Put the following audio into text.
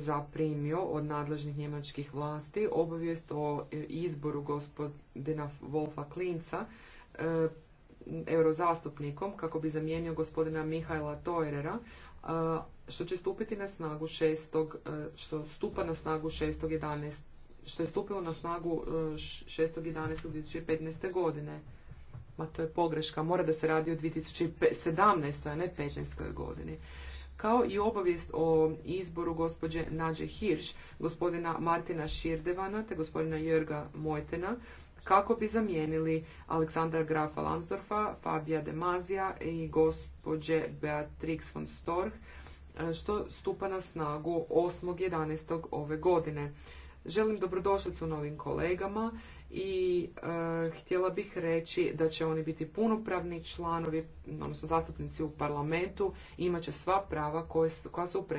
zaprimio od nadležnih njemačkih vlasti obavijest o e, izboru gospodina Wolfa Klinca e, eurozastupnikom kako bi zamijenio gospodina Mihajla Toerera e, što će stupiti na snagu 6. što stupa na snagu 6.11. što je stupilo na snagu 6.11.2015. godine. Ma to je pogreška, mora da se radi o 2017. a ne 15. godini kao i obavijest o izboru gospođe Nađe Hirš, gospodina Martina Širdevana te gospodina Jörga Mojtena, kako bi zamijenili Aleksandra Grafa Lansdorfa, Fabija Demazija i gospođe Beatrix von Storch, eh, što stupa na snagu 8.11. ove godine. Želim dobrodošlicu novim kolegama i e, htjela bih reći da će oni biti punopravni članovi, odnosno zastupnici u parlamentu, imat će sva prava koja su pred